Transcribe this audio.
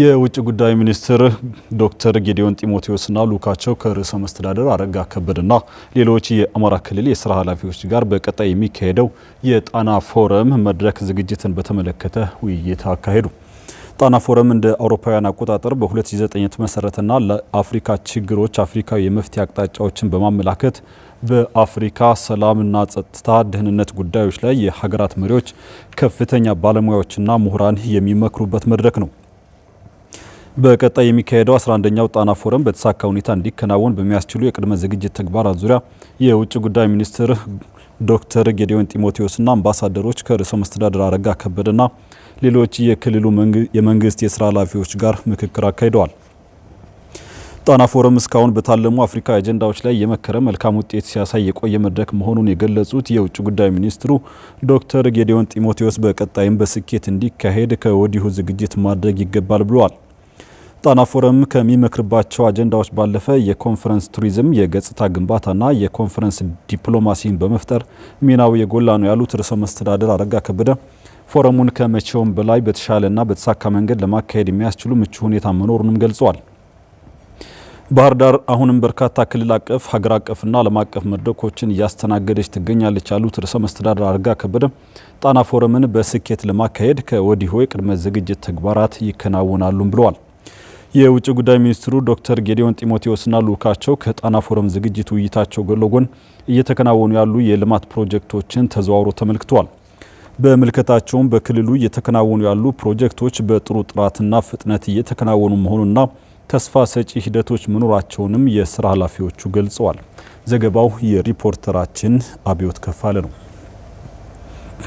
የውጭ ጉዳይ ሚኒስትር ዶክተር ጌዲዮን ጢሞቴዎስና ሉካቸው ከርዕሰ መስተዳደር አረጋ ከበደና ሌሎች የአማራ ክልል የስራ ኃላፊዎች ጋር በቀጣይ የሚካሄደው የጣና ፎረም መድረክ ዝግጅትን በተመለከተ ውይይት አካሄዱ። ጣና ፎረም እንደ አውሮፓውያን አቆጣጠር በ2009 የተመሰረተና ለአፍሪካ ችግሮች አፍሪካዊ የመፍትሄ አቅጣጫዎችን በማመላከት በአፍሪካ ሰላምና ጸጥታ፣ ደህንነት ጉዳዮች ላይ የሀገራት መሪዎች ከፍተኛ ባለሙያዎችና ምሁራን የሚመክሩበት መድረክ ነው። በቀጣይ የሚካሄደው 11ኛው ጣና ፎረም በተሳካ ሁኔታ እንዲከናወን በሚያስችሉ የቅድመ ዝግጅት ተግባራት ዙሪያ የውጭ ጉዳይ ሚኒስትር ዶክተር ጌዲዮን ጢሞቴዎስና አምባሳደሮች ከርዕሰ መስተዳድር አረጋ ከበደና ሌሎች የክልሉ የመንግስት የስራ ኃላፊዎች ጋር ምክክር አካሂደዋል። ጣና ፎረም እስካሁን በታለሙ አፍሪካ አጀንዳዎች ላይ የመከረ መልካም ውጤት ሲያሳይ የቆየ መድረክ መሆኑን የገለጹት የውጭ ጉዳይ ሚኒስትሩ ዶክተር ጌዲዮን ጢሞቴዎስ በቀጣይም በስኬት እንዲካሄድ ከወዲሁ ዝግጅት ማድረግ ይገባል ብለዋል። ጣና ፎረም ከሚመክርባቸው አጀንዳዎች ባለፈ የኮንፈረንስ ቱሪዝም የገጽታ ግንባታና የኮንፈረንስ ዲፕሎማሲን በመፍጠር ሚናው የጎላ ነው ያሉት ርዕሰ መስተዳደር አረጋ ከበደ ፎረሙን ከመቼውም በላይ በተሻለና በተሳካ መንገድ ለማካሄድ የሚያስችሉ ምቹ ሁኔታ መኖሩንም ገልጸዋል። ባህር ዳር አሁንም በርካታ ክልል አቀፍ፣ ሀገር አቀፍና ዓለም አቀፍ መድረኮችን እያስተናገደች ትገኛለች ያሉት ርዕሰ መስተዳደር አረጋ ከበደ ጣና ፎረምን በስኬት ለማካሄድ ከወዲሁ የቅድመ ዝግጅት ተግባራት ይከናወናሉም ብለዋል። የውጭ ጉዳይ ሚኒስትሩ ዶክተር ጌዲዮን ጢሞቴዎስና ሉካቸው ከጣና ፎረም ዝግጅት ውይይታቸው ጎን ለጎን እየተከናወኑ ያሉ የልማት ፕሮጀክቶችን ተዘዋውሮ ተመልክተዋል። በምልከታቸውም በክልሉ እየተከናወኑ ያሉ ፕሮጀክቶች በጥሩ ጥራትና ፍጥነት እየተከናወኑ መሆኑና ተስፋ ሰጪ ሂደቶች መኖራቸውንም የስራ ኃላፊዎቹ ገልጸዋል። ዘገባው የሪፖርተራችን አብዮት ከፋለ ነው።